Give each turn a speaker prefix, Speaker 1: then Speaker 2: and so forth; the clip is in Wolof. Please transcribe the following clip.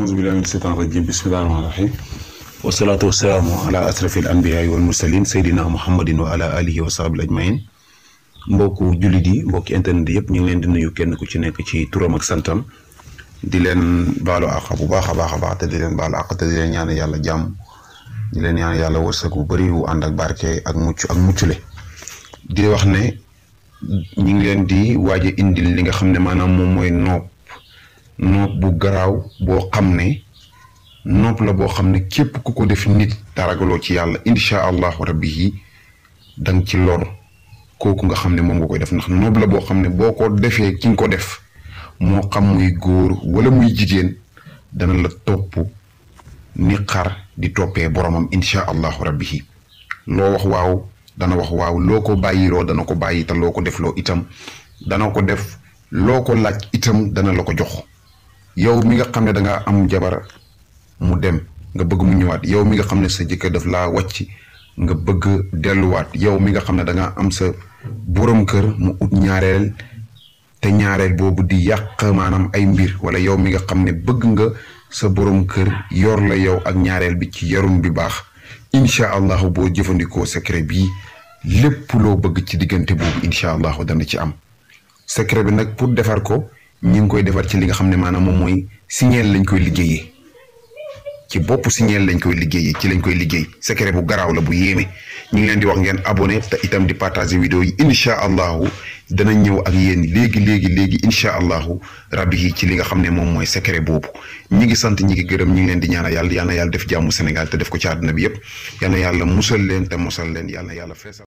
Speaker 1: أعوذ بالله من الشيطان الرجيم بسم الله الرحمن الرحيم والصلاة والسلام على أشرف الأنبياء والمرسلين سيدنا محمد وعلى آله وصحبه أجمعين mbokku jullit yi mbokki internet yëpp ñu ngi leen di nuyu kenn ku ci nekk ci turam ak santam di leen baalu àq bu baax a baax a baax te di leen baalu àq te di leen ñaan yàlla jàmm di leen ñaan yàlla wërsëg bu bëri wu ànd ak barke ak mucc ak muccule di wax ne ñu ngi leen di waaj a indil li nga xam ne maanaam moom mooy noob nopp bu garaaw boo xam ne nopp la boo xam ne képp ku ko def nit taragaloo ci yàlla incha allahu rabbi yi da nga ci lor kooku nga xam ne moom nga koy def ndax nopp la boo xam ne boo ko defee ki nga ko def moo xam muy góor wala muy jigéen dana la topp ni xar di toppee boromam incha allahu rabbi yi loo wax waaw dana wax waaw loo ko bàyyiloo dana ko bàyyi te loo ko def loo itam dana ko def loo ko laaj itam dana la ko jox yow mi nga xamne da nga am jabar mu dem nga bëgg mu ñëwaat yow mi nga xamne sa jëkkër daf laa wacc nga bëgg waat yow mi nga xamne da nga am sa borom kër mu ut ñaarel te ñaarel bobu di yaq manam ay mbir wala yow mi nga xamne bëgg nga sa borom kër yor la yow ak ñaarel bi ci yarum bi baax insha allah bo jëfëndiko secret bi lepp lo bëgg ci digënté bobu insha allah dana ci am secret bi nak pour défar ko ñi ngi koy defar ci li nga xam ne maana moom mooy signeel lañ koy liggéeyee ci bopp signeel lañ koy liggéeyee ci lañ koy liggéey secret bu garaaw la bu yéeme ñu ngi leen di wax ngeen abonné te itam di partager vidéo yi incha allahu danañ ñëw ak yéen léegi léegi léegi incha allahu rabbi yi ci li nga xam ne moom mooy secret boobu ñi ngi sant ñi ngi gërëm ñi ngi leen di ñaanal yàlla yal na yàlla def jàmmu Sénégal te def ko ci àdduna bi yëpp yal na yàlla musal leen te musal leen yal yàlla feesal